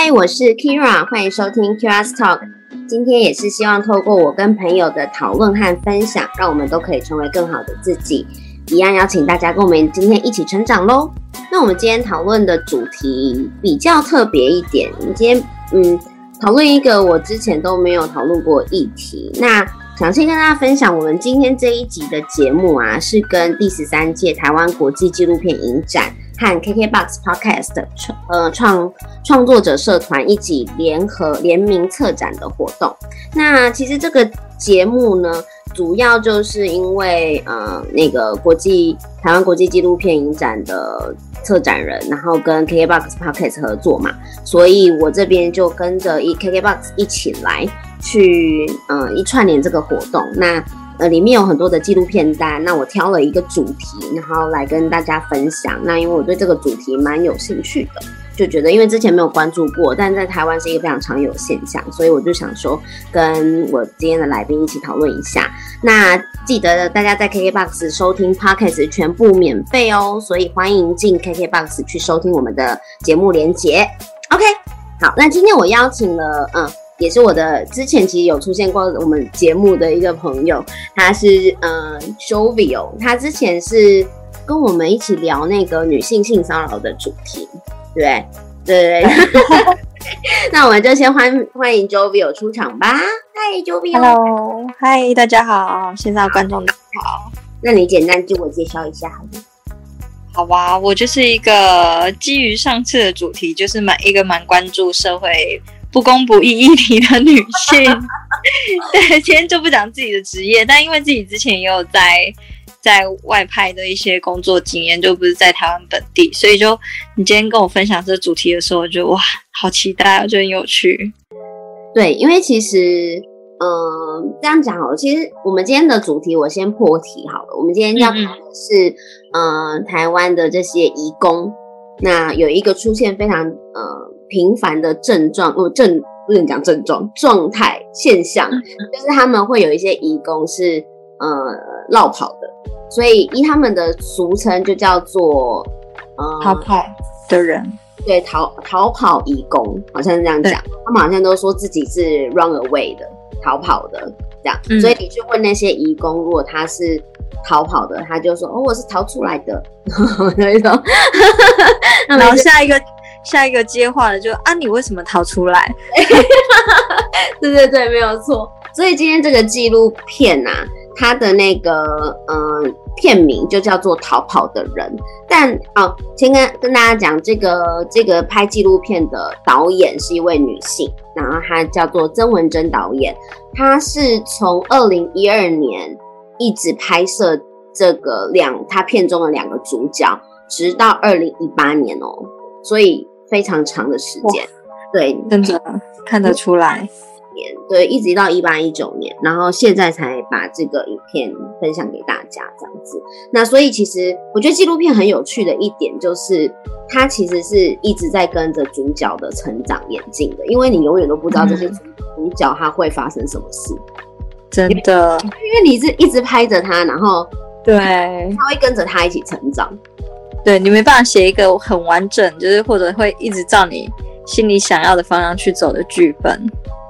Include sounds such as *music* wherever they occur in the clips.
嗨，Hi, 我是 Keira，歡迎收聽 Keira's Talk。今天也是希望透過我跟朋友的討論和分享，讓我們都可以成為更好的自己。一樣邀請大家跟我們今天一起成長嘍。那我們今天討論的主題比較特別一點，我們今天嗯討論一個我之前都沒有討論過議題。那想先跟大家分享，我們今天這一集的節目啊，是跟第十三屆台灣國際紀錄片影展。和 KKBOX Podcast 的創呃創創作者社團一起聯合聯名策展的活動。那其實這個節目呢，主要就是因為呃那個國際台灣國際紀錄片影展的策展人，然後跟 KKBOX Podcast 合作嘛，所以我這邊就跟着一 KKBOX 一起來去嗯、呃、一串聯這個活動那。呃，裡面有很多的紀錄片單，那我挑了一個主題，然後來跟大家分享。那因為我對這個主題蠻有興趣的，就覺得因為之前沒有關注過，但在台灣是一個非常常有的現象，所以我就想說，跟我今天的來賓一起討論一下。那記得大家在 KKBOX 收聽 Podcast 全部免費哦，所以歡迎進 KKBOX 去收聽我們的節目連結。OK，好，那今天我邀請了，嗯。也是我的之前其實有出現過我們節目的一個朋友，他是呃，Jovial，他之前是跟我們一起聊那個女性性騷擾的主題，對不對？對,對 *laughs* *laughs* 那我們就先歡歡迎 Jovial 出場吧。嗨 Jovial 嗨，大家好，現在觀眾你好,好、啊。那你簡單自我介紹一下好嗎？好吧、啊，我就是一個基於上次的主題，就是一個蠻一個蠻關注社會。不公不義議題的女性， *laughs* *laughs* 對，今天就不講自己的職業，但因為自己之前也有在在外派的一些工作經驗，就不是在台灣本地，所以就你今天跟我分享這主題的時候，我覺得哇，好期待啊，就很有趣。對，因為其實，嗯、呃，這樣講好了，其實我們今天的主題，我先破題好了，我們今天要拍的是，嗯，呃、台灣的這些移工，那有一個出現非常，嗯、呃。頻繁的症狀，不症，不能講症狀，狀態現象，就是他們會有一些移工是呃，落跑的，所以以他們的俗稱就叫做嗯，呃、逃跑的人，對，逃逃跑移工，好像是這樣講，對他們好像都說自己是 run away 的，逃跑的這樣，嗯、所以你去問那些移工，如果他是逃跑的，他就說哦，我是逃出來的，有一種，然後、 *laughs* 就是、下一個。下一個接話的就啊，你為什麼逃出來？ *laughs* 對對對，沒有錯。所以今天這個紀錄片吶、啊，它的那個嗯、呃、片名就叫做《逃跑的人》但。但、哦、好，先跟跟大家講，這個這個拍紀錄片的導演是一位女性，然後她叫做曾文珍導演。她是從二零一二年一直拍攝這個兩她片中的兩個主角，直到二零一八年哦，所以。非常長的時間，對，真的對看得出來，對，一直到一八一九年，然後現在才把這個影片分享給大家，這樣子。那所以其實我覺得紀錄片很有趣的一點，就是它其實是一直在跟着主角的成長演進的，因為你永遠都不知道這些主角他會發生什麼事，嗯、真的，因為你是一直拍着他，然後對，他會跟着他一起成長。對，你沒辦法寫一個很完整，就是或者會一直照你心裡想要的方向去走的劇本。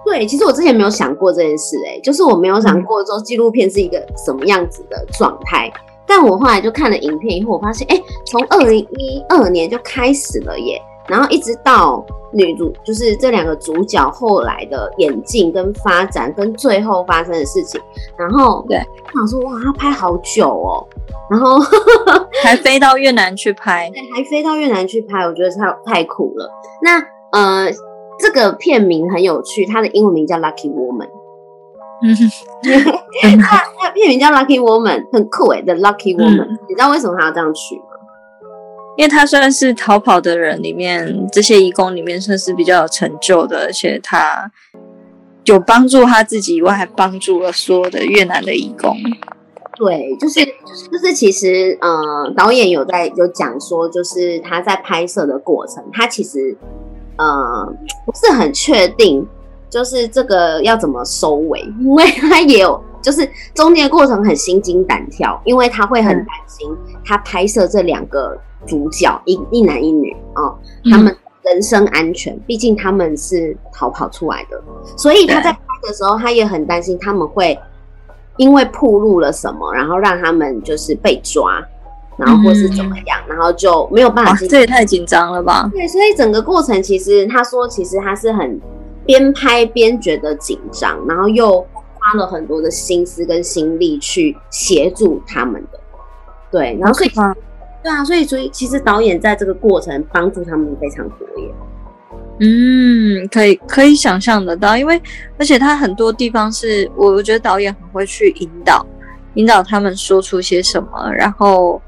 對，其實我之前沒有想過這件事、欸，哎，就是我沒有想過說紀錄片是一個什麼樣子的狀態。嗯、但我後來就看了影片以後，我發現，哎、欸，從二零一二年就開始了耶，然後一直到女主，就是這兩個主角後來的演進跟發展跟最後發生的事情，然後對，我想說哇，他拍好久哦，然後。 *laughs* 還飛到越南去拍，對，還飛到越南去拍，我覺得太太酷了。那呃，這個片名很有趣，它的英文名叫 Lucky Woman。嗯，它 *laughs* 它片名叫 Lucky Woman，很酷哎，的 Lucky Woman。嗯、你知道為什麼它要這樣取嗎？因為它算是逃跑的人裡面，這些移工裡面算是比較有成就的，而且他有幫助他自己以外，還幫助了所有的越南的移工。對，就是就是，其實，嗯、呃，導演有在有講說，就是他在拍攝的過程，他其實，嗯、呃，不是很確定，就是這個要怎麼收尾，因為他也有，就是中間的過程很心驚膽跳，因為他會很擔心他拍攝這兩個主角，一一男一女哦，他們人身安全，畢竟他們是逃跑出來的，所以他在拍的時候，他也很擔心他們會。因為暴露了什麼，然後讓他們就是被抓，然後或是怎麼樣，嗯、然後就沒有辦法、啊。這也太緊張了吧？對，所以整個過程其實他說，其實他是很邊拍邊覺得緊張，然後又花了很多的心思跟心力去協助他們的。對，然後所以對啊，所以所以其實導演在這個過程幫助他們非常多耶。嗯，可以可以想象得到，因為而且他很多地方是我我覺得導演很會去引導，引導他們說出些什麼，然後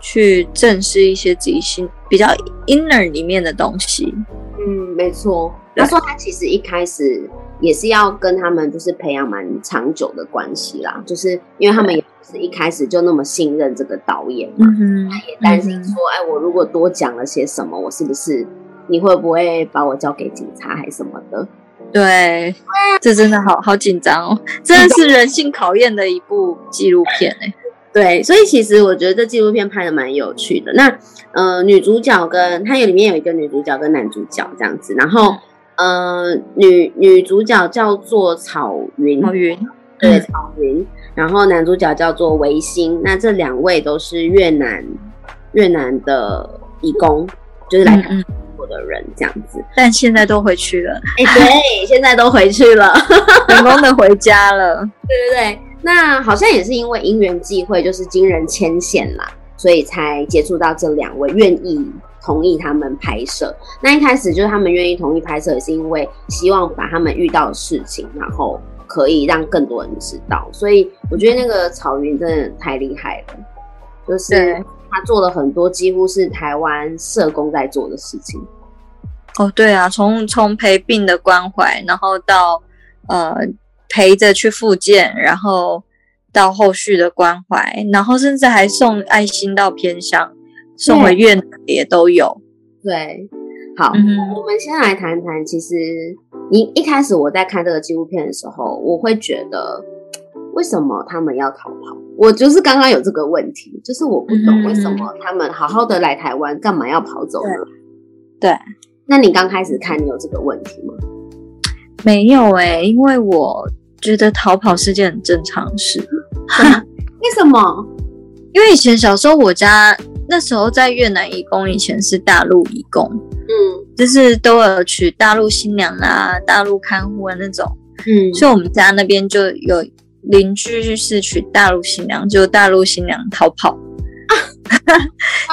去正視一些自己心比較 inner 裡面的東西。嗯，沒錯。對他說他其實一開始也是要跟他們就是培養蠻長久的關係啦，就是因為他們也不是一開始就那麼信任這個導演嘛，嗯、哼他也擔心說，嗯、哼哎，我如果多講了些什麼，我是不是？你會不會把我交給警察還是什麼的？對，這真的好好緊張哦！真的是人性考驗的一部紀錄片欸。對，所以其實我覺得這紀錄片拍得蠻有趣的。那呃，女主角跟她有裡面有一個女主角跟男主角這樣子，然後呃，女女主角叫做草云，草云，對，草云。然後男主角叫做維星，那這兩位都是越南越南的義工，就是來。嗯我的人這樣子，但現在都回去了。哎、欸，對，現在都回去了，成功的回家了。對對對，那好像也是因為因緣際會，就是經人牽線啦，所以才接觸到這兩位，願意同意他們拍攝。那一開始就是他們願意同意拍攝，也是因為希望把他們遇到的事情，然後可以讓更多人知道。所以我覺得那個草原真的太厲害了，就是。他做了很多幾乎是台灣社工在做的事情，哦，對啊，從從陪病的關懷，然後到呃陪着去復健，然後到後續的關懷，然後甚至還送愛心到偏鄉，對送醫院也都有。對，好，嗯、哼我們先來談談。其實，一一開始我在看這個紀錄片的時候，我會覺得，為什麼他們要逃跑？我就是剛剛有這個問題，就是我不懂為什麼他們好好的來台灣，幹嘛要跑走呢、嗯對？對，那你剛開始看你有這個問題嗎？沒有哎、欸，因為我覺得逃跑是件很正常事的。嗯、哈為什麼？因為以前小時候我家那時候在越南移工，移工以前是大陸移工，嗯，就是都要娶大陸新娘啊，大陸看護啊那種，嗯，所以我們家那邊就有。鄰居就是娶大陸新娘，就大陸新娘逃跑，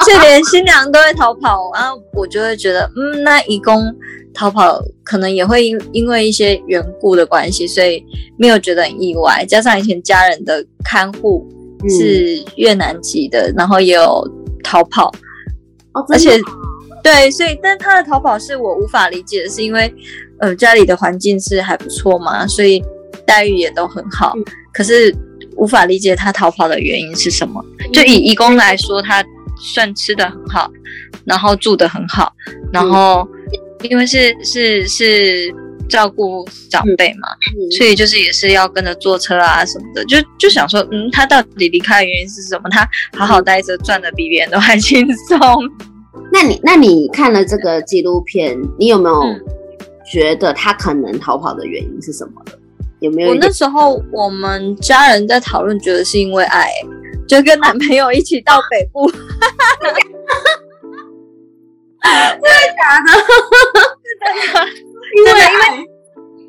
所以 *laughs* *laughs* 連新娘都會逃跑。然、啊、後我就會覺得，嗯，那移工逃跑可能也會因因為一些緣故的關係，所以沒有覺得很意外。加上以前家人的看護是越南籍的，嗯、然後也有逃跑，哦、而且對，所以但他的逃跑是我無法理解的，是因為呃，家裡的環境是還不錯嘛，所以待遇也都很好。嗯可是無法理解他逃跑的原因是什麼。就以移工來說，他算吃的很好，然後住的很好，然後因為是、嗯、是是照顧長輩嘛，嗯嗯、所以就是也是要跟着坐車啊什麼的。就就想說，嗯，他到底離開的原因是什麼？他好好待着，賺的比別人都還輕鬆。那你那你看了這個紀錄片，你有沒有覺得他可能逃跑的原因是什麼的？我那時候我們家人在討論，覺得是因為愛、欸，就跟男朋友一起到北部。 *laughs* 真的假的？是真的。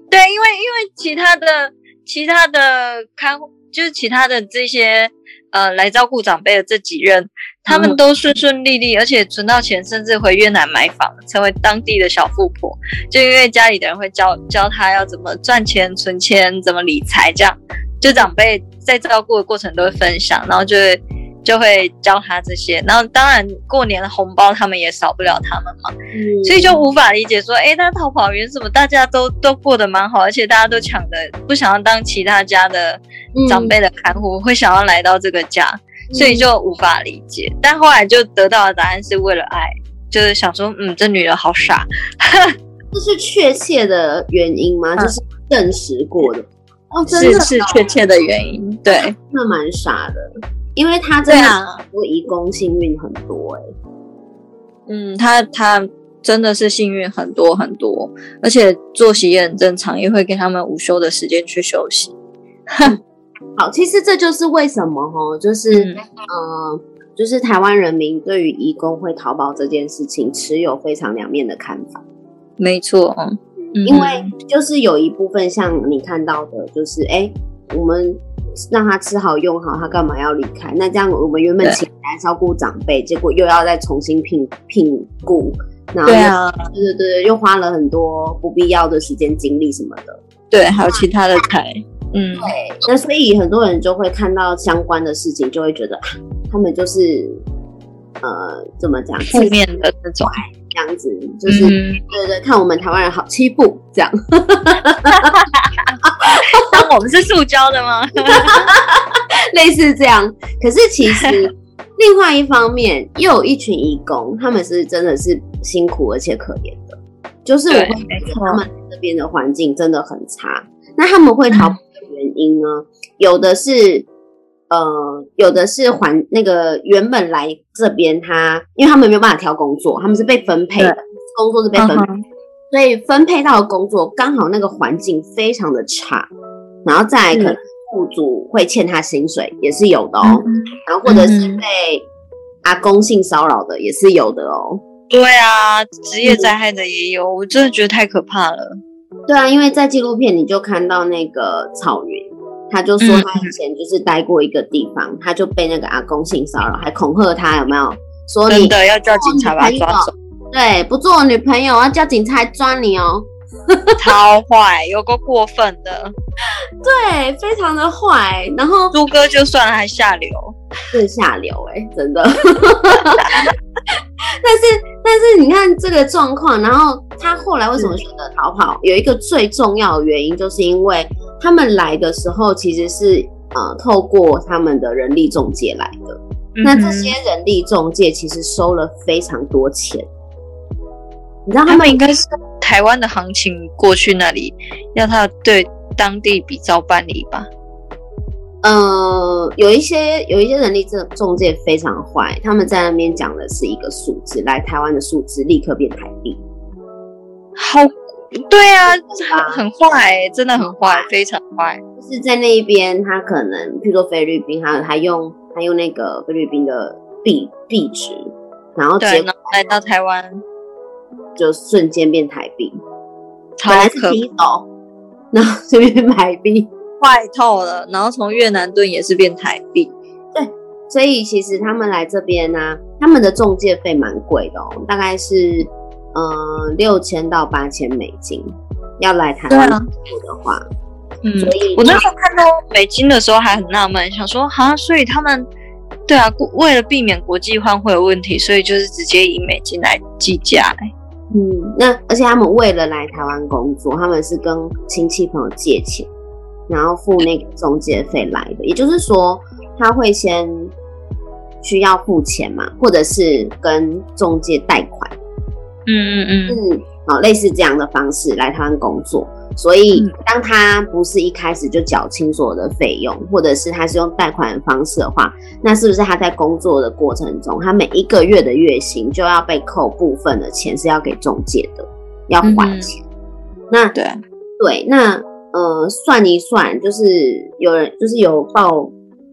對，因為因為其他的其他的看，就是其他的這些。呃，來照顧長輩的這幾任，他們都順順利利，嗯、而且存到錢，甚至回越南買房，成為當地的小富婆。就因為家裡的人會教教他要怎麼賺錢、存錢、怎麼理財，這樣，就長輩在照顧的過程都會分享，然後就會。就會教他這些，然後當然過年的紅包他們也少不了他們嘛，嗯、所以就無法理解說，哎，那逃跑原因麼？大家都都過得蠻好，而且大家都搶的不想要當其他家的長輩的看護，會想要來到這個家，所以就無法理解。嗯、但後來就得到的答案是為了愛，就是想說，嗯，這女的好傻。呵，這是確切的原因嗎？啊、就是證實過的，哦、真的？是是確切的原因，嗯、對，那蠻傻的。因為他這樣，我移工幸運很多、欸啊、嗯，他他真的是幸運很多很多，而且作息也很正常，也會給他們午休的時間去休息。哼，好，其實這就是為什麼哦，就是嗯、呃，就是台灣人民對於移工會逃跑這件事情持有非常兩面的看法。沒錯，嗯、因為就是有一部分像你看到的，就是哎，我們。讓他吃好用好，他幹嘛要離開？那這樣我們原本請來照顧長輩，對結果又要再重新聘聘僱，然後對啊，對對對，又花了很多不必要的時間精力什麼的。對，還有其他的台，啊、嗯，對。那所以很多人就會看到相關的事情，就會覺得、啊、他們就是呃怎麼講負面的那種，嗯、這樣子就是對，對對，看我們台灣人好欺負這樣。 *laughs* 當 *laughs* 我們是塑膠的嗎？ *laughs* *laughs* 類似這樣。可是其實，另外一方面，又有一群移工，他們是真的是辛苦而且可憐的。就是我會覺得他們這邊的環境真的很差。對那他們會逃的原因呢？嗯、有的是呃，有的是還那個原本來這邊他，因為他們沒有辦法挑工作，他們是被分配的，對工作是被分配。Uh huh. 所以分配到的工作剛好那個環境非常的差，然後再來可能僱主會欠他薪水也是有的哦，嗯、然後或者是被阿公性騷擾的也是有的哦。對啊，職業災害的也有，我真的覺得太可怕了。對啊，因為在紀錄片你就看到那個草原，他就說他以前就是待過一個地方，嗯、他就被那個阿公性騷擾，還恐嚇他有沒有？說你真的要叫警察把他抓走。對，不做我女朋友，我要叫警察來抓你哦、喔！ *laughs* 超壞，有夠過分的，對，非常的壞。然後豬哥就算了，還下流，是下流哎、欸，真的。但是但是，但是你看這個狀況，然後他後來為什麼選擇逃跑？嗯、有一個最重要的原因，就是因為他們來的時候其實是呃透過他們的人力仲介來的，嗯、哼那這些人力仲介其實收了非常多錢。你知道他們應該是臺灣的行情過去那裡，要他對當地比照辦理吧。呃，有一些有一些人力這中介非常壞，他們在那邊講的是一個數字，來台灣的數字立刻變台幣。好，對啊，很很壞欸，真的很壞，很壞。非常壞欸。就是在那一邊，他可能譬如說菲律賓，還有他用他用那個菲律賓的幣幣值，然後結果他，對，然後來到臺灣。就瞬間變台幣，台幣哦，ito, 然後這邊台幣壞透了，然後從越南盾也是變台幣，對，所以其實他們來這邊呢、啊，他們的中介費蠻貴的、哦，大概是嗯六千到八千美金，要來台灣、啊、的話，嗯，以我那時候看到美金的時候還很納悶，想說哈，所以他們對啊，為了避免國際換匯的問題，所以就是直接以美金來計價欸嗯，那而且他們為了來台灣工作，他們是跟親戚朋友借錢，然後付那個中介費來的。也就是說，他會先需要付錢嘛，或者是跟中介貸款。嗯嗯嗯嗯，是、好、哦，類似這樣的方式來台灣工作。所以，當他不是一開始就繳清所有的費用，或者是他是用貸款的方式的話，那是不是他在工作的過程中，他每一個月的月薪就要被扣部分的錢，是要給中介的，要還錢？嗯嗯，那對對，那呃，算一算，就是有人就是有報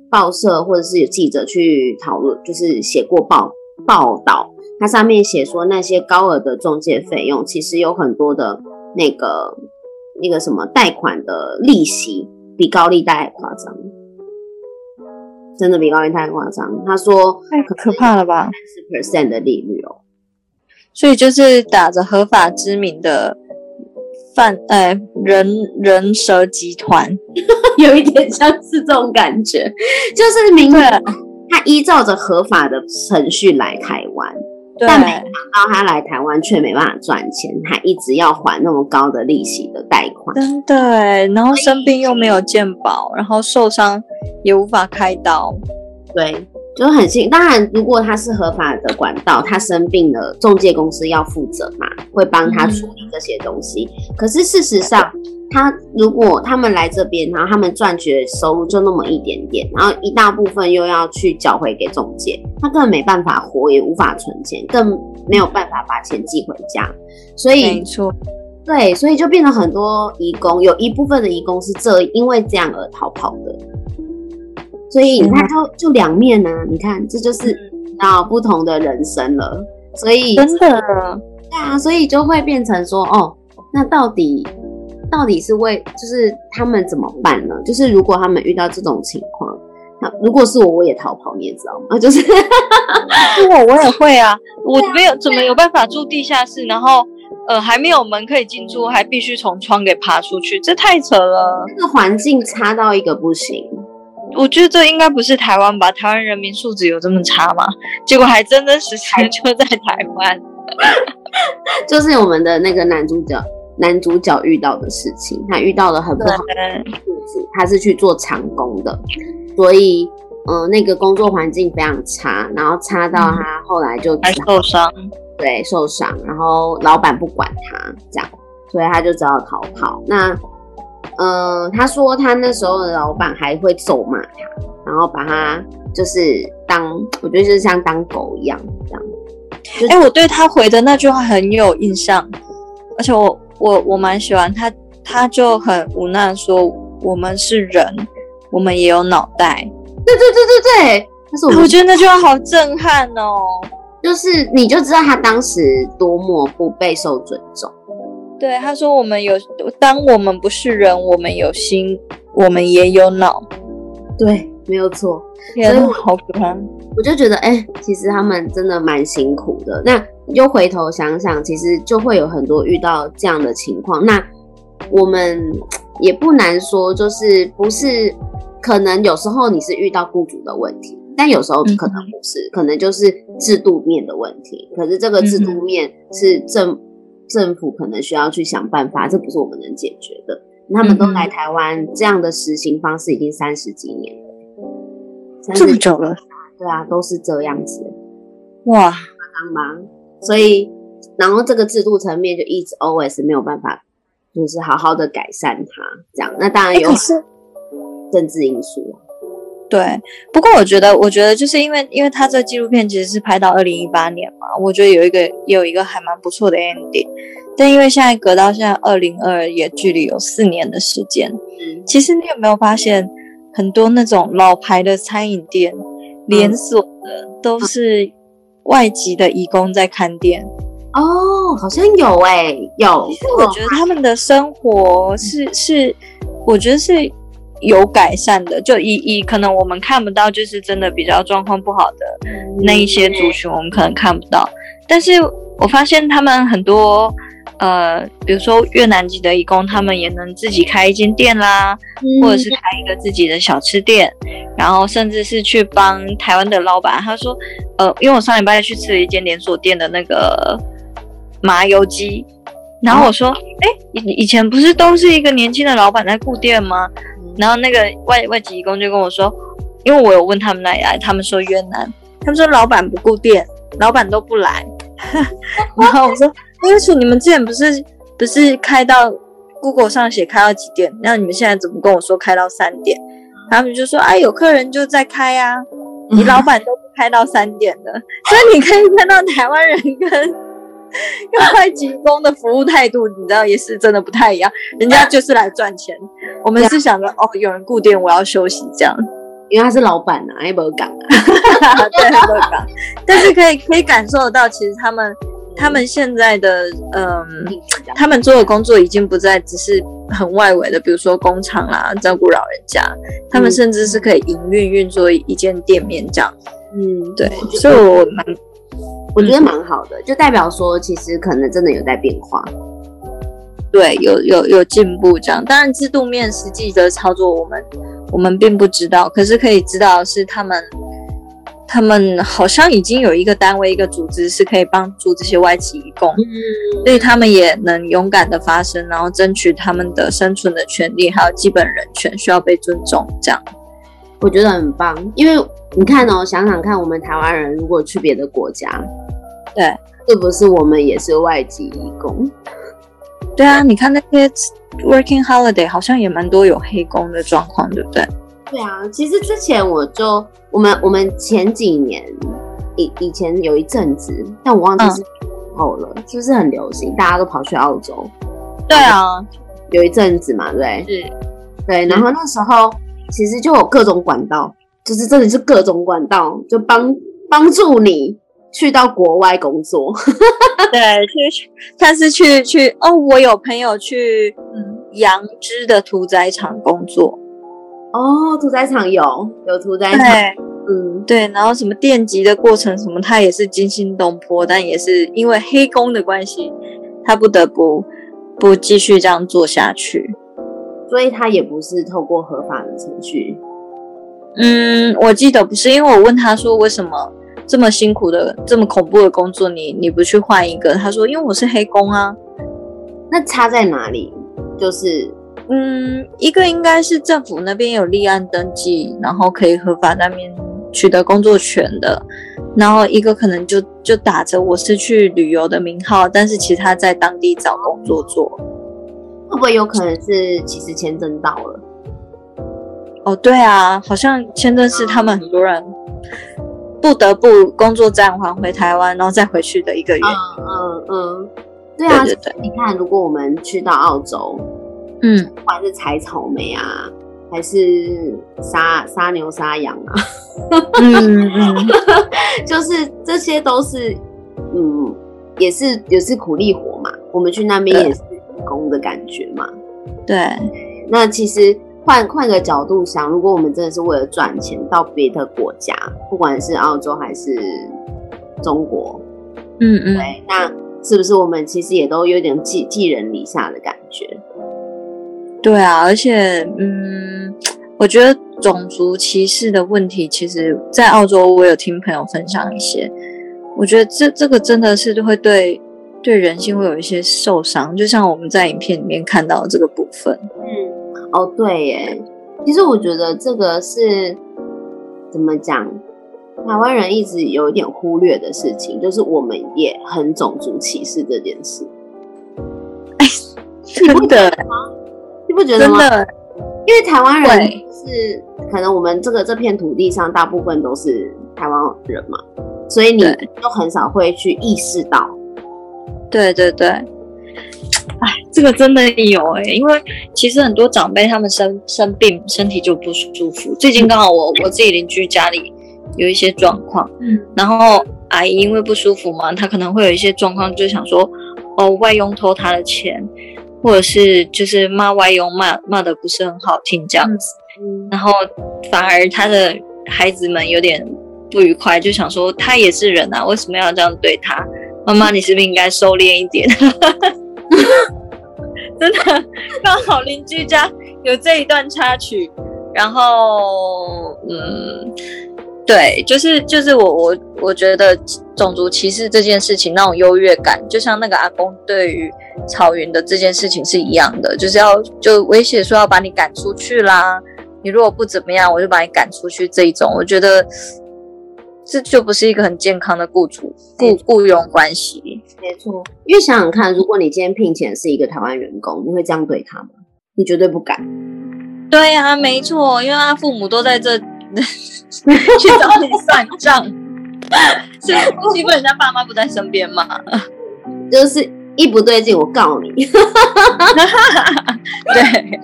報社或者是有記者去討論，就是寫過報報道，它上面寫說那些高額的中介費用，其實有很多的那個。那個什麼貸款的利息比高利貸還誇張，真的比高利貸還誇張。他說：“哦、太可怕了吧？三十 percent 的利率哦，所以就是打着合法之名的犯，呃、哎、人人蛇集團， *laughs* 有一點像是這種感覺，就是明了，他依照着合法的程序來台灣。”對但沒想到他來台灣卻沒辦法賺錢，還一直要還那麼高的利息的貸款。真的，然後生病又沒有健保，然後受傷也無法開刀。對。就很幸。當然，如果他是合法的管道，他生病了，仲介公司要負責嘛，會幫他處理這些東西。嗯、可是事實上，他如果他們來這邊，然後他們賺取的收入就那麼一點點，然後一大部分又要去繳回給仲介，他根本沒辦法活，也無法存錢，更沒有辦法把錢寄回家。所以，沒錯，對，所以就變成很多移工，有一部分的移工是這因為這樣而逃跑的。所以你看就，嗎就就兩面呢、啊。你看，這就是、嗯、啊不同的人生了。所以真的，對啊，所以就會變成說，哦，那到底到底是為就是他們怎麼辦呢？就是如果他們遇到這種情況，那如果是我，我也逃跑，你也知道嗎？啊、就是， *laughs* *laughs* 是我我也會啊。啊我沒有怎麼有辦法住地下室，然後呃還沒有門可以進出，還必須從窗給爬出去，這太扯了。這個環境差到一個不行。我覺得這應該不是台灣吧？台灣人民素質有這麼差嗎？嗯、結果還真的實現，就在台灣。就是我們的那個男主角，男主角遇到的事情，他遇到了很不好的雇主，對對他是去做長工的，所以嗯、呃，那個工作環境非常差，然後差到他後來就、嗯、還受傷。對，受傷，然後老闆不管他這樣，所以他就只好逃跑。那。嗯、呃，他說他那時候的老闆還會咒罵他，然後把他就是當，我覺得就是像當狗一樣這樣。哎、欸，我對他回的那句話很有印象，而且我我我蠻喜歡他，他就很無奈說：“我們是人，我們也有腦袋。”對對對對對，但是我覺得，嗯、我覺得那句話好震撼哦，就是你就知道他當時多麼不備受尊重。對，他說我們有，當我們不是人，我們有心，我們也有腦。對，沒有錯，真的哪好煩。我就覺得，哎、欸，其實他們真的蠻辛苦的。那你就回頭想想，其實就會有很多遇到這樣的情況。那我們也不難說，就是不是可能有時候你是遇到雇主的問題，但有時候可能不是，嗯、哼可能就是制度面的問題。可是這個制度面是正。嗯政府可能需要去想辦法，這不是我們能解決的。他們都來台灣，嗯、這樣的實行方式已經三十幾年了，三十幾年了這麼久了。啊，對啊，都是這樣子，哇、啊啊啊，所以，然後這個制度層面就一直 always 沒有辦法，就是好好的改善它，這樣。那當然有、欸、政治因素、啊、對。不過我覺得，我覺得就是因為，因為他這紀錄片其實是拍到二零一八年嘛，我覺得有一個有一個還蠻不錯的 ending。但因為現在隔到現在二零二二，也距離有四年的時間。嗯、其實你有沒有發現，很多那種老牌的餐飲店，嗯、連鎖的，都是外籍的移工在看店。哦，好像有誒、欸，有。其實我覺得他們的生活是是，是，我覺得是有改善的。就一一可能我們看不到，就是真的比較狀況不好的那一些族群，我們可能看不到。嗯、但是我發現他們很多。呃，比如說越南籍的移工，他們也能自己開一間店啦，嗯、或者是開一個自己的小吃店，嗯、然後甚至是去幫台灣的老板。他說，呃，因為我上禮拜去吃了一間連鎖店的那個麻油雞，然後我說，誒、嗯，以、欸、以前不是都是一個年輕的老板在顧店嗎？嗯、然後那個外外籍移工就跟我說，因為我有問他們來，他們說越南，他們說老板不顧店，老板都不來， *laughs* 然後我說。 *laughs* 因為是你們之前不是不是開到 Google 上寫開到幾點，那你們現在怎麼跟我說開到三點？他們就說啊，有客人就在開啊，你老闆都不開到三點的。 *laughs* 所以你可以看到台灣人跟，跟外籍工的服務態度，你知道也是真的不太一樣。人家就是來賺錢， *laughs* 我們是想着哦，有人顧店我要休息這樣。因為他是老闆啊，Abo 港，還不啊、 *laughs* *laughs* 對 Abo 港，還不 *laughs* 但是可以可以感受得到，其實他們。他們現在的嗯，他們做的工作已經不再只是很外圍的，比如說工廠啦、啊，照顧老人家，他們甚至是可以營運運作一間店面這樣。嗯，對，所以我蠻，我覺得蠻好的，嗯、就代表說其實可能真的有在變化，對，有有有進步這樣。當然制度面實際的操作，我們我們並不知道，可是可以知道是他們。他們好像已經有一個單位，一個組織是可以幫助這些外籍移工，嗯、所以他們也能勇敢的發聲，然後爭取他們的生存的權利，還有基本人權需要被尊重。這樣我覺得很棒，因為你看哦，想想看，我們台灣人如果去別的國家，對，是不是我們也是外籍移工？對啊，你看那些 working holiday 好像也蠻多有黑工的狀況，對不對？對啊，其實之前我就我們我們前幾年以以前有一陣子，但我忘記是哦了，嗯、就是很流行，大家都跑去澳洲。對啊、哦，有一陣子嘛，對，是，對。然後那時候、嗯、其實就有各種管道，就是這裡是各種管道，就幫幫助你去到國外工作。 *laughs* 對，去，他是去去哦，我有朋友去羊隻、嗯、的屠宰場工作。哦，屠宰場有，有屠宰場，對嗯，對，然後什麼電擊的過程什麼，他也是驚心動魄，但也是因為黑工的關係，他不得不不繼續這樣做下去，所以他也不是透過合法的程序。嗯，我記得不是，因為我問他說為什麼這麼辛苦的、這麼恐怖的工作你，你你不去換一個？他說因為我是黑工啊。那差在哪裡？就是。嗯，一個應該是政府那邊有立案登記，然後可以合法在那邊取得工作權的，然後一個可能就就打着我是去旅遊的名號，但是其他在當地找工作做，會不會有可能是其實簽證到了？哦，對啊，好像簽證是他們很多人不得不工作暫緩回台灣，然後再回去的一個原因。嗯嗯嗯，對啊，對對，你看，如果我們去到澳洲。嗯，不管是採草莓啊，還是殺殺牛殺羊啊，嗯 *laughs* 嗯，嗯 *laughs* 就是這些都是，嗯，也是也是苦力活嘛。我們去那邊也是打工的感覺嘛。對，那其實換換個角度想，如果我們真的是為了賺錢到別的國家，不管是澳洲還是中國，嗯嗯對，那是不是我們其實也都有點寄寄人籬下的感覺？對啊，而且，嗯，我覺得種族歧視的問題，其實，在澳洲，我有聽朋友分享一些，我覺得這這個真的是就會對對人性會有一些受傷，就像我們在影片裡面看到的這個部分。嗯，哦，對耶，其實我覺得這個是怎麼講，台灣人一直有一點忽略的事情，就是我們也很種族歧視這件事。哎，真的，哎，真的嗎？你不覺得嗎？的因為台灣人，就是對可能我們這個這片土地上大部分都是台灣人嘛，所以你都很少會去意識到。對對對，哎，這個真的有哎，欸，因為其實很多長輩他們生生病身體就不舒服。最近剛好我我自己鄰居家裡有一些狀況，然後阿姨因為不舒服嘛，她可能會有一些狀況，就想說哦外傭偷她的錢。或者是就是罵外傭罵罵得不是很好聽這樣子，嗯、然後反而他的孩子們有點不愉快，就想說，他也是人啊，為什麼要這樣對他？媽媽，你是不是應該收斂一點？ *laughs* 真的，剛好鄰居家有這一段插曲，然後嗯。對，就是就是我我我覺得種族歧視這件事情那種優越感，就像那個阿公對於草原的這件事情是一樣的，就是要就威脅說要把你趕出去啦，你如果不怎麼樣，我就把你趕出去這一種，我覺得這就不是一個很健康的雇主雇雇傭關係，沒錯。因為想想看，如果你今天聘請的是一個台灣員工，你會這樣對他嗎？你絕對不敢。對啊，沒錯，因為他父母都在這。 *laughs* 去找你算賬，是欺負人家爸媽不在身邊嘛？就是一不對勁，我告你 *laughs* *laughs* 對。對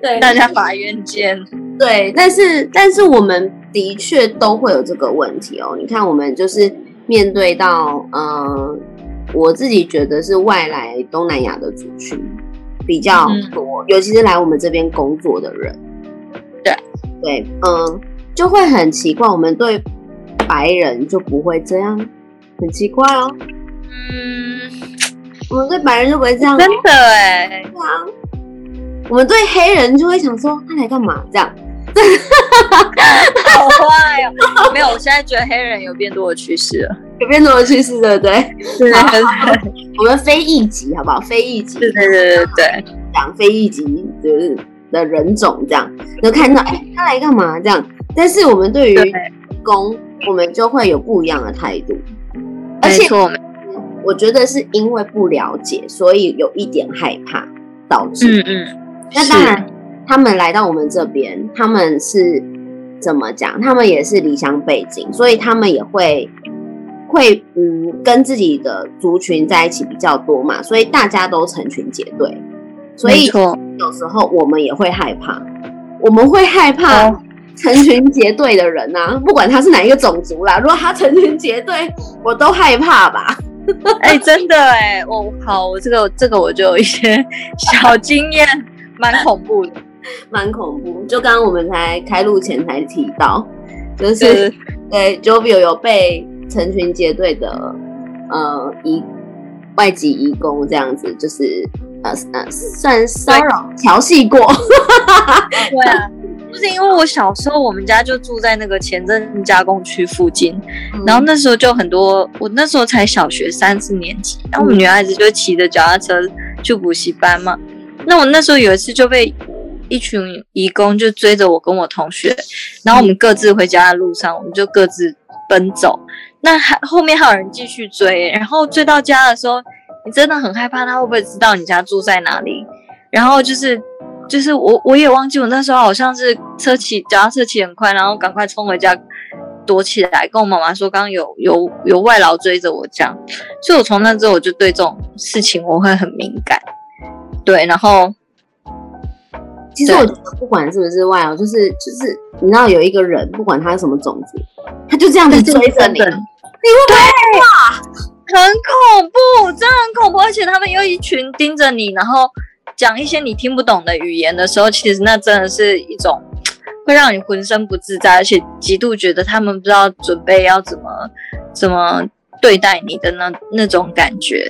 對，大家法院見。對，但是但是我們的確都會有這個問題哦。你看，我們就是面對到，嗯、呃，我自己覺得是外來東南亞的族群比較多，嗯、尤其是來我們這邊工作的人。對，嗯，就會很奇怪。我們對白人就不會這樣，很奇怪哦。嗯，我們對白人就不會這樣。真的哎。對啊。我們對黑人就會想說他來幹嘛這樣。對好壞哦！ *laughs* 沒有，我現在覺得黑人有變多的趨勢，有變多的趨勢，對不對？對。我們非裔級好不好？非裔級。對對對對好對。講非裔級，就是。的人種這樣，就看到哎、欸，他來幹嘛這樣？但是我們對於工作，對我們就會有不一樣的態度。錯而且我覺得是因為不了解，所以有一點害怕，導致嗯嗯。那當然，他們來到我們這邊，他們是怎麼講？他們也是離鄉背景，所以他們也會會嗯，跟自己的族群在一起比較多嘛。所以大家都成群結隊，所以。有時候我們也會害怕，我們會害怕成群結隊的人吶、啊，不管他是哪一個種族啦，如果他成群結隊，我都害怕吧。哎、 *laughs* 欸，真的哎、欸，我好，我這個這個我就有一些小經驗，蠻 *laughs* 恐怖的，蠻恐怖。就剛剛我們才開錄前才提到，就是、就是、對 Jovial 有被成群結隊的呃移外籍移工這樣子，就是。呃，算騷擾、對調戲過， *laughs* 對啊，就是因為我小時候，我們家就住在那個前鎮加工區附近，嗯、然後那時候就很多，我那時候才小學三四年級，然後我們女孩子就騎着腳踏車去補習班嘛，嗯、那我那時候有一次就被一群移工就追着我跟我同學，然後我們各自回家的路上，我們就各自奔走，那還後面還有人繼續追，然後追到家的時候。你真的很害怕，他會不會知道你家住在哪裡？然後就是，就是我我也忘記，我那時候好像是車騎，腳踏車騎很快，然後趕快衝回家躲起來，跟我媽媽說，剛剛有有有外勞追着我這樣。所以我從那之後我就對這種事情我會很敏感。對，然後其實我不管是不是外勞，就是就是你知道有一個人，不管他是什麼種族，他就這樣子追着你。你會被罵，啊，對很恐怖，真的很恐怖。而且他們又一群盯着你，然後講一些你聽不懂的語言的時候，其實那真的是一種會讓你渾身不自在，而且極度覺得他們不知道準備要怎麼怎麼對待你的那那種感覺。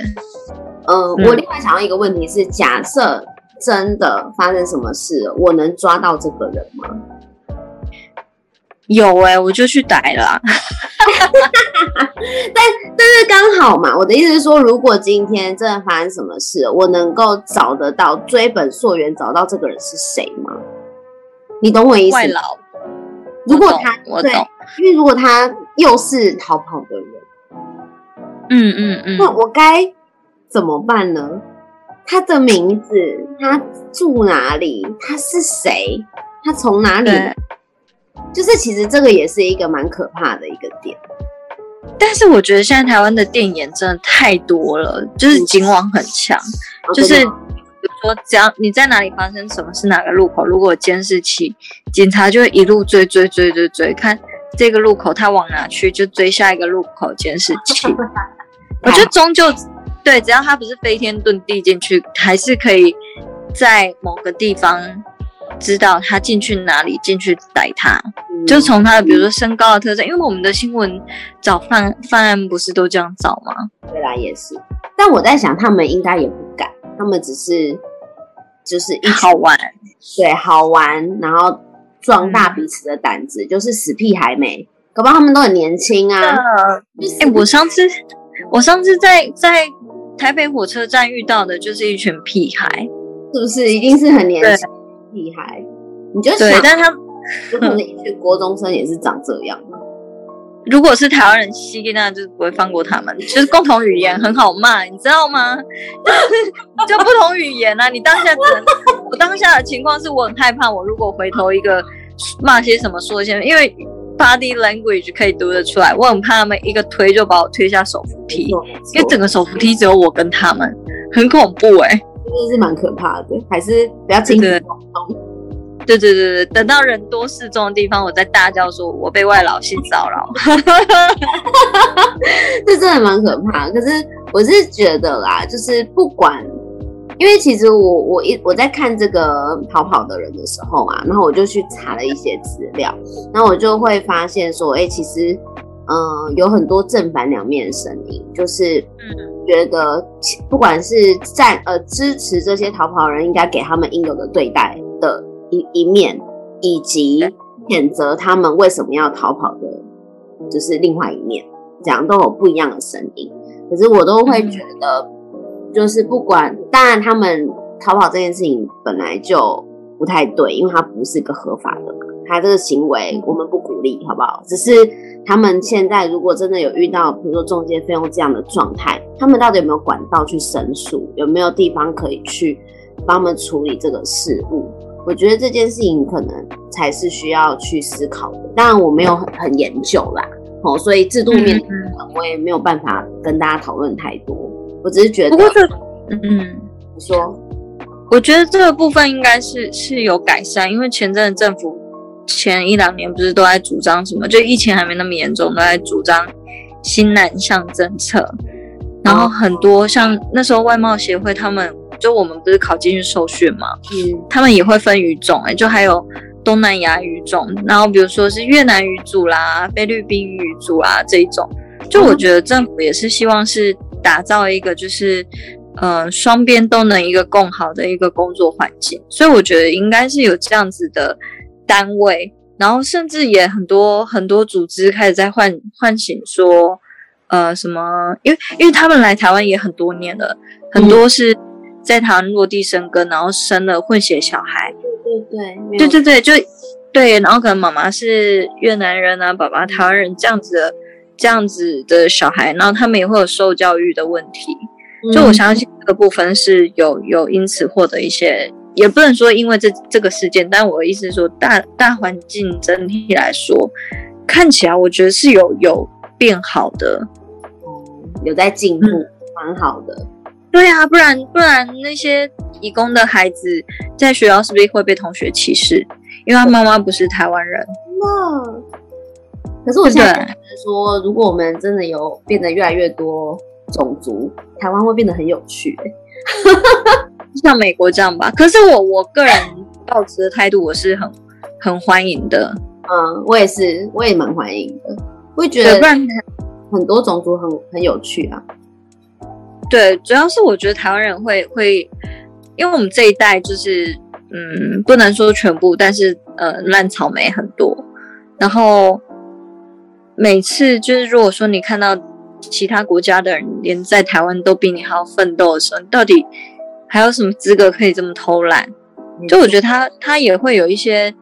嗯、呃，我另外想到一個問題是：假設真的發生什麼事，我能抓到這個人嗎？有哎、欸，我就去逮了、啊。但 *laughs* 但是剛好嘛，我的意思是說，如果今天真的發生什麼事，我能夠找得到追本溯源，找到這個人是誰嗎？你懂我意思嗎？外勞，我懂。如果他對，因為如果他又是逃跑的人，嗯嗯嗯，那、嗯嗯、我該怎麼辦呢？他的名字，他住哪裡？他是誰？他從哪裡？就是其實這個也是一個蠻可怕的一個點，但是我覺得現在台灣的電眼真的太多了，就是警網很強，就是比如說只要你在哪裡發生什麼，是哪個路口，如果有監視器，警察就會一路追追追追追，看這個路口他往哪去，就追下一個路口監視器。我覺得終究對，只要他不是飛天遁地進去，還是可以在某個地方，知道他進去哪裡，進去逮他，嗯、就從他的比如說身高的特徵，因為我們的新聞找犯犯案不是都這樣找嗎？對啦，也是。但我在想，他們應該也不敢，他們只是就是一好玩，對，好玩，然後壯大彼此的膽子，嗯、就是死屁孩沒，可不，他們都很年輕啊。哎、嗯欸，我上次我上次在在台北火車站遇到的，就是一群屁孩，是不是？一定是很年輕。厲害，你覺得誰？但他可能一些國中生也是長這樣。 *laughs* 如果是台灣人吸，那就是不會放過他們。其實、就是、共同語言很好罵，你知道嗎？ *laughs* *laughs* *laughs* 就不同語言啊！你當下只能 *laughs* 我當下的情況是我很害怕，我如果回頭一個罵些什麼說一些，因為 body language 可以讀得出來，我很怕他們一個推就把我推下手扶梯，沒錯，因為整個手扶梯只有我跟他們，很恐怖哎、欸。真的是蠻可怕的，還是不要一個人。對對對對，等到人多勢眾的地方，我再大叫說：“我被外勞性騷擾。” *laughs* *laughs* *laughs* 這真的蠻可怕。可是我是覺得啦，就是不管，因為其實我我一我在看這個逃跑的人的時候嘛、啊，然後我就去查了一些資料，然後我就會發現說：“哎、欸，其實。”嗯、呃，有很多正反兩面的聲音，就是覺得不管是站呃支持這些逃跑的人應該給他們應有的對待的一一面，以及譴責他們為什麼要逃跑的，就是另外一面，這樣都有不一樣的聲音。可是我都會覺得，就是不管，當然他們逃跑這件事情本來就不太對，因為他不是一個合法的，他這個行為我們不鼓勵，好不好？只是。他們現在如果真的有遇到，比如說中介費用這樣的狀態，他們到底有沒有管道去申訴？有沒有地方可以去幫他們處理這個事務，我覺得這件事情可能才是需要去思考的。當然，我沒有很很研究啦，嗯、哦，所以制度面我也沒有辦法跟大家討論太多。嗯嗯，我只是覺得，不過這，嗯，嗯，你說，我覺得這個部分應該是是有改善，因為前陣子政府。前一兩年不是都在主張什麼？就疫情還沒那麼嚴重，都在主張新南向政策。然後很多像那時候外貿協會，他們就我們不是考進去受訓嘛，嗯，他們也會分語種、欸，誒就還有東南亞語種。然後比如說是越南語組啦、菲律賓語組啊這一種。就我覺得政府也是希望是打造一個就是嗯雙邊都能一個更好的一個工作環境，所以我覺得應該是有這樣子的。單位，然後甚至也很多很多組織開始在喚喚醒說，呃，什麼？因為因為他們來台灣也很多年了，嗯、很多是在台灣落地生根，然後生了混血小孩。對對對，對對對，就對。然後可能媽媽是越南人啊，爸爸台灣人這樣子的這樣子的小孩，然後他們也會有受教育的問題。嗯、就我相信這個部分是有有因此獲得一些。也不能說因為這這個事件，但我的意思是說，大大環境整體來說，看起來我覺得是有有變好的，嗯、有在進步，蠻、嗯、好的。對啊，不然不然那些移工的孩子在學校是不是會被同學歧視？因為他媽媽不是台灣人。那、嗯嗯嗯、可是我現在覺得是說，對對對，如果我們真的有變得越來越多種族，台灣會變得很有趣、欸。 *laughs* 像美國這樣吧，可是我我個人抱持的態度，我是很很歡迎的，嗯，我也是，我也蠻歡迎的。會覺得，很多種族很很有趣啊。對，主要是我覺得台灣人會會，因為我們這一代就是，嗯，不能說全部，但是呃，爛草莓很多。然後每次就是，如果說你看到其他國家的人連在台灣都比你還要奮鬥的時候，你到底？還有什麼資格可以這麼偷懶？就我覺得他他也會有一些，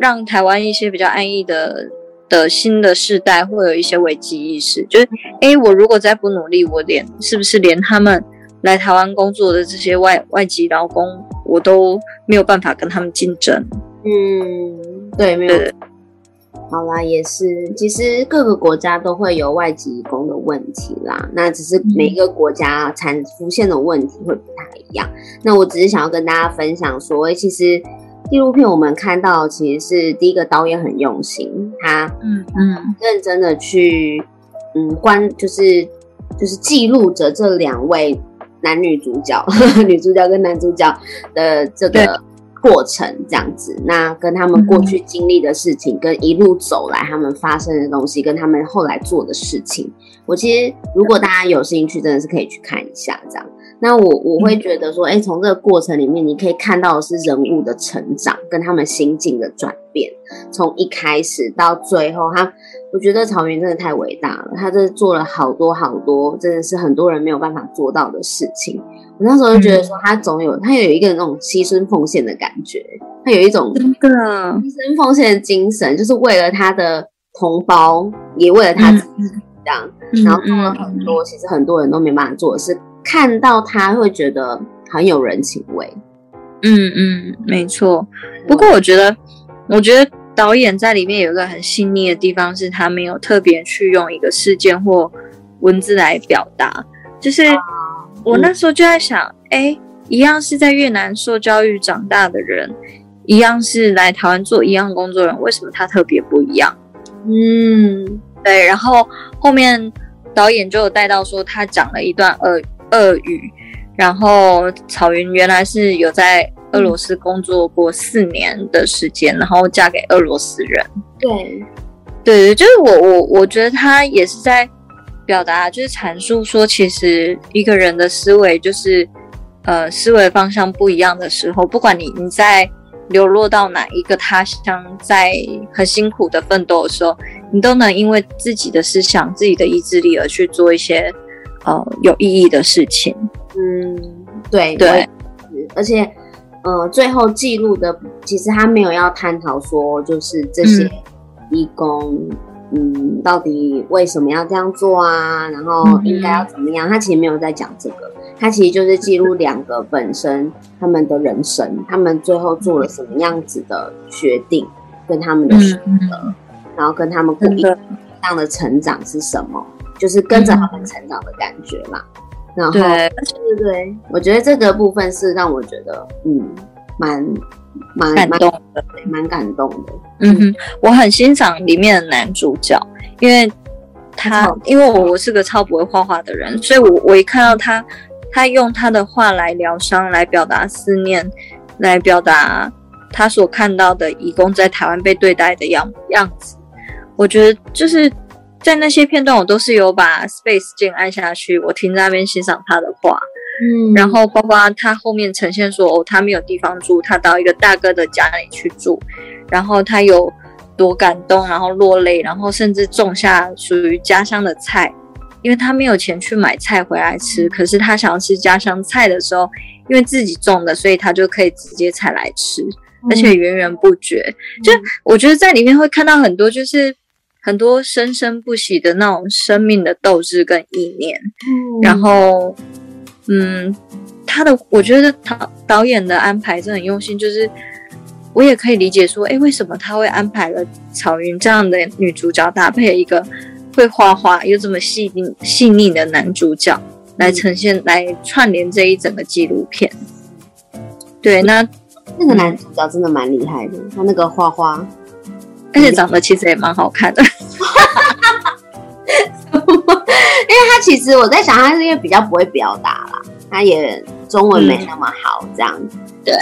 讓台灣一些比較安逸的的新的世代會有一些危機意識，就是誒，我如果再不努力，我連是不是連他們來台灣工作的這些外外籍勞工，我都沒有辦法跟他們競爭？嗯，對，沒有。好啦，也是，其實各個國家都會有外籍移工的問題啦，那只是每一個國家產出現的問題會不太一樣。那我只是想要跟大家分享說，其實紀錄片我們看到其實是第一個導演很用心，他嗯嗯認真的去嗯觀，就是就是記錄着這兩位男女主角，女主角跟男主角的這個。過程這樣子，那跟他們過去經歷的事情，嗯、哼跟一路走來他們發生的東西，跟他們後來做的事情，我其實如果大家有興趣，真的是可以去看一下這樣。那我我會覺得說，誒、欸、從這個過程裡面，你可以看到的是人物的成長，跟他們心境的轉變，從一開始到最後，他，我覺得曹雲真的太偉大了，他真的做了好多好多，真的是很多人沒有辦法做到的事情。那時候就覺得說他總有、嗯、他有一個那種犧牲奉獻的感覺，他有一種犧牲奉獻的精神，就是為了他的同胞，也為了他自己這樣。嗯、然後做了很多，嗯、其實很多人都沒辦法做，嗯、是看到他會覺得很有人情味。嗯嗯，嗯嗯沒錯。不過我覺得，我，我覺得導演在裡面有一個很細膩的地方，是他沒有特別去用一個事件或文字來表達，就是。嗯我那時候就在想，哎、欸，一樣是在越南受教育長大的人，一樣是來台灣做一樣工作人，為什麼他特別不一樣？嗯，對。然後後面導演就有帶到說，他講了一段俄俄語，然後草原原來是有在俄羅斯工作過四年的時間，然後嫁給俄羅斯人。對，對對，就是我我我覺得他也是在。表達就是闡述說，其實一個人的思維就是，呃，思維方向不一樣的時候，不管你你在流落到哪一個他鄉，在很辛苦的奮鬥的時候，你都能因為自己的思想、自己的意志力而去做一些呃有意義的事情。嗯，對對，而且呃，最後記錄的其實他沒有要探討說，就是這些移工。嗯嗯，到底為什麼要這樣做啊？然後應該要怎麼樣？嗯、哼他其實沒有在講這個，他其實就是記錄兩個本身、嗯、哼他們的人生，他們最後做了什麼樣子的決定，嗯、哼跟他們的選擇，然後跟他們各自的這樣的成長是什麼，就是跟着他們成長的感覺嘛。然後對，對對對，我覺得這個部分是讓我覺得嗯，蠻，蠻滿感動的，蠻滿感動的。嗯哼，我很欣賞裡面的男主角，因為他因為我我是個超不會畫畫的人，所以我我一看到他，他用他的畫來療傷，來表達思念，來表達他所看到的移工在台灣被對待的樣樣子。我覺得就是在那些片段，我都是有把 space 鍵按下去，我停在那邊欣賞他的畫。嗯，然後包括他後面呈現說，哦，他沒有地方住，他到一個大哥的家裡去住，然後他有多感動，然後落淚，然後甚至種下屬於家鄉的菜，因為他沒有錢去買菜回來吃，嗯，可是他想要吃家鄉菜的時候，因為自己種的，所以他就可以直接採來吃，而且源源不絕。嗯，就我覺得在裡面會看到很多，就是很多生生不息的那種生命的鬥志跟意念，嗯，然後。嗯，他的，我覺得導導演的安排真的很用心，就是我也可以理解說，哎，為什麼他會安排了草云這樣的女主角搭配一個會畫畫又這麼細膩細膩的男主角來呈現，嗯、來串聯這一整個紀錄片。對，那那個男主角真的蠻厲害的，他那個畫畫，而且長得其實也蠻好看的， *laughs* *laughs* 因為他其實我在想他是因為比較不會表達啦。他也中文沒那麼好，嗯、這樣，對，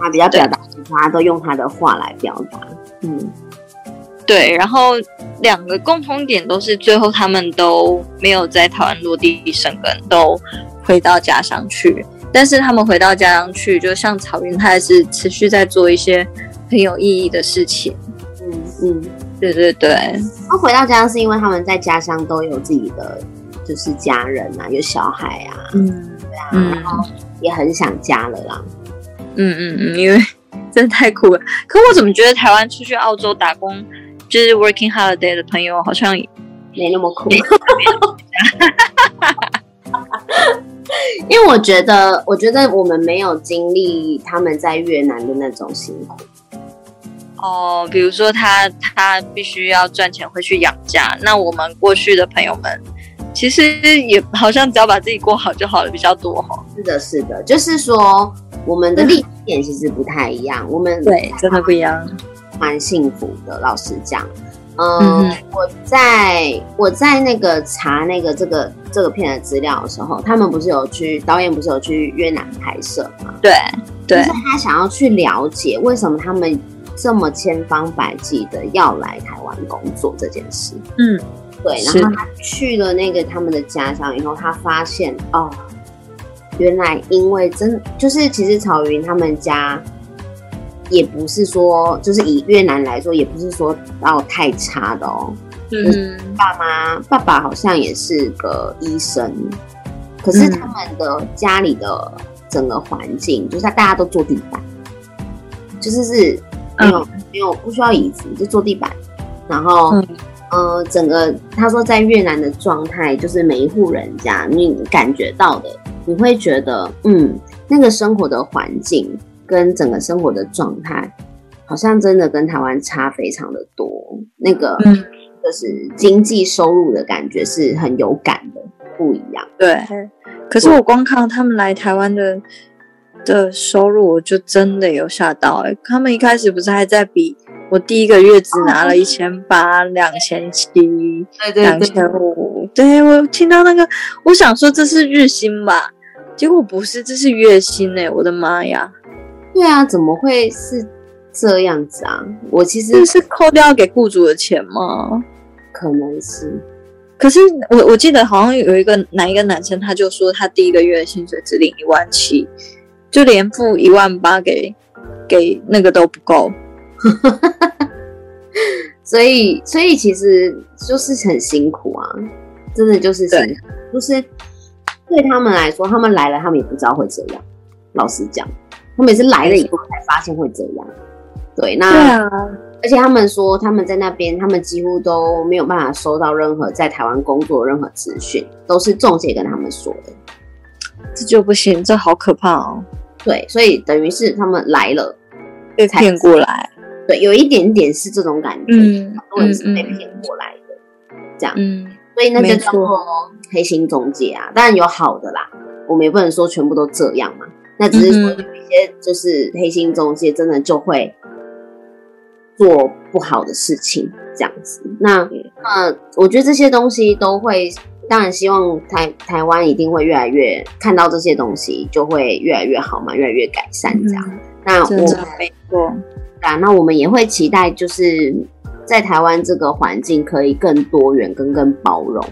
他比較表達，對他都用他的話來表達，對嗯，對，然後兩個共同點都是最後他們都沒有在台灣落地生根，都回到家鄉去。但是他們回到家鄉去，就像曹云，他還是持續在做一些很有意義的事情。嗯嗯，嗯對對對。他、啊、回到家鄉是因為他們在家鄉都有自己的就是家人啊，有小孩啊。嗯嗯，也很想家了啦。嗯嗯嗯，因為真的太苦了。可我怎麼覺得台灣出去澳洲，打工就是 working holiday 的朋友好像沒那麼苦？麼 *laughs* 因為我覺得，我覺得我們沒有經歷他們在越南的那種辛苦。哦，比如說他他必須要賺錢回去養家，那我們過去的朋友們。其實也好像只要把自己過好就好了，比較多哈、哦。是的，是的，就是說我們的立足點其實不太一樣。對我們對真的不一樣，蠻幸福的。老實講，呃、嗯哼，我在我在那個查那個這個這個片的資料的時候，他們不是有去導演不是有去越南拍攝嗎？對，對，是他想要去了解為什麼他們這麼千方百計的要來台灣工作這件事。嗯。對，然後他去了那個他們的家鄉以後，是他發現哦，原來因為真就是其實草雲他們家也不是說就是以越南來說，也不是說到太差的哦。嗯，爸媽爸爸好像也是個醫生，可是他們的家裡的整個環境、嗯、就是他大家都坐地板，就是是沒有、嗯、沒有不需要椅子就坐地板，然後。嗯呃，整個他說在越南的狀態，就是每一戶人家，你感覺到的，你會覺得，嗯，那個生活的環境跟整個生活的狀態，好像真的跟台灣差非常的多。那個，嗯，就是經濟收入的感覺是很有感的，不一樣。對。可是我光看到他們來台灣的的收入，我就真的有嚇到欸。他們一開始不是還在比？我第一個月只拿了一千八、兩千七、兩千五，對，我聽到那個，我想說這是日薪吧，結果不是，這是月薪哎、欸，我的媽呀！對啊，怎麼會是這樣子啊？我其實這是扣掉給雇主的錢嗎？可能是。可是我我記得好像有一個哪一個男生，他就說他第一個月薪水只領一萬七，就連付一萬八給給那個都不夠。哈哈哈！ *laughs* 所以，所以其實就是很辛苦啊，真的就是這樣，對就是對他們來說，他們來了，他們也不知道會怎樣。老實講，他們也是來了以後才發現會這樣。對，那對啊。而且他們說，他們在那邊，他們幾乎都沒有辦法收到任何在台灣工作任何資訊，都是中介跟他們說的。這就不行，這好可怕哦。對，所以等於是他們來了才，被騙過來。對，有一點點是這種感覺，很、嗯、多人是被騙過來的，嗯、這樣，嗯，所以那就叫做黑心中介啊。沒錯。當然有好的啦，我們也不能說全部都這樣嘛。那只是說有一些就是黑心中介，真的就會做不好的事情，這樣子。那、嗯、那我覺得這些東西都會，當然希望台台灣一定會越來越看到這些東西，就會越來越好嘛，越來越改善這樣。嗯那真的、啊、那我們也會期待，就是在台灣這個環境，可以更多元跟更包容，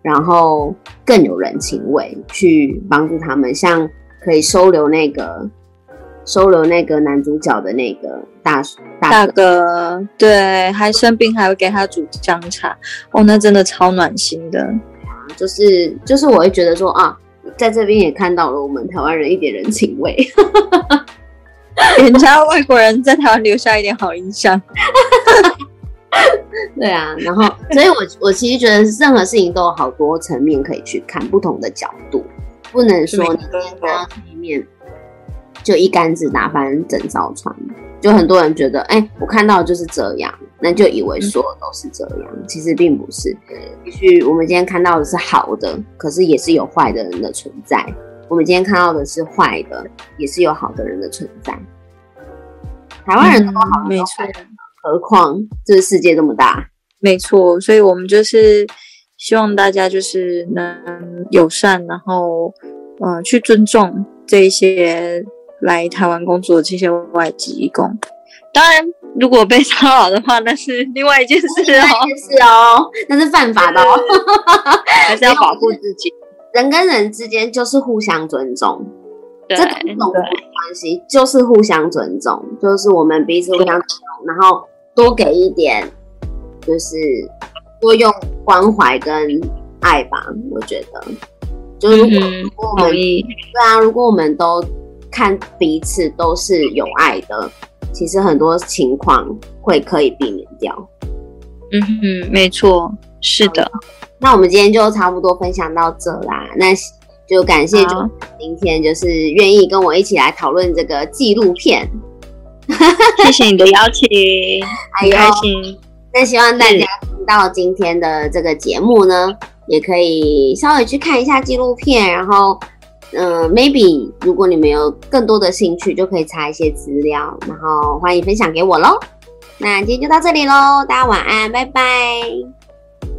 然後更有人情味，去幫助他們，像可以收留那個收留那個男主角的那個大大哥，大哥，對，還生病還會給他煮薑茶，哦，那真的超暖心的，就是就是我會覺得說啊，在這邊也看到了我們台灣人一點人情味。 *laughs* 人家外國人在台灣留下一點好印象， *laughs* 對啊，然後，所以我我其實覺得任何事情都有好多層面可以去看，不同的角度，不能說你今天剛剛一面就一竿子打翻整艘船。就很多人覺得，哎、欸，我看到的就是這樣，那就以為說都是這樣，嗯、其實並不是。嗯、也許我們今天看到的是好的，可是也是有壞的人的存在。我們今天看到的是壞的，也是有好的人的存在。台灣人那麼好，嗯，沒錯，何況這世界這麼大，沒錯。所以，我們就是希望大家就是能友善，然後嗯、呃，去尊重這些來台灣工作的這些外籍移工。當然，如果被騷擾的話，那是另外一件事哦，是哦，哦，那是犯法的哦， *laughs* 還是要保護自己。人跟人之間就是互相尊重，對這種關係，就是互相尊重，對就是我們彼此互相尊重，對然後多給一點，就是多用關懷跟愛吧。我覺得，就是如果、嗯嗯、如果我們意對啊，如果我們都看彼此都是有愛的，其實很多情況會可以避免掉。嗯哼，沒錯，是的。那我們今天就差不多分享到這啦，那就感謝就今天就是願意跟我一起來討論這個紀錄片，謝謝你的邀請，還有、哎呦，那希望大家聽到今天的這個節目呢，是也可以稍微去看一下紀錄片，然後嗯、呃、，maybe 如果你們有更多的興趣，就可以查一些資料，然後歡迎分享給我嘍。那今天就到這裡嘍，大家晚安，拜拜。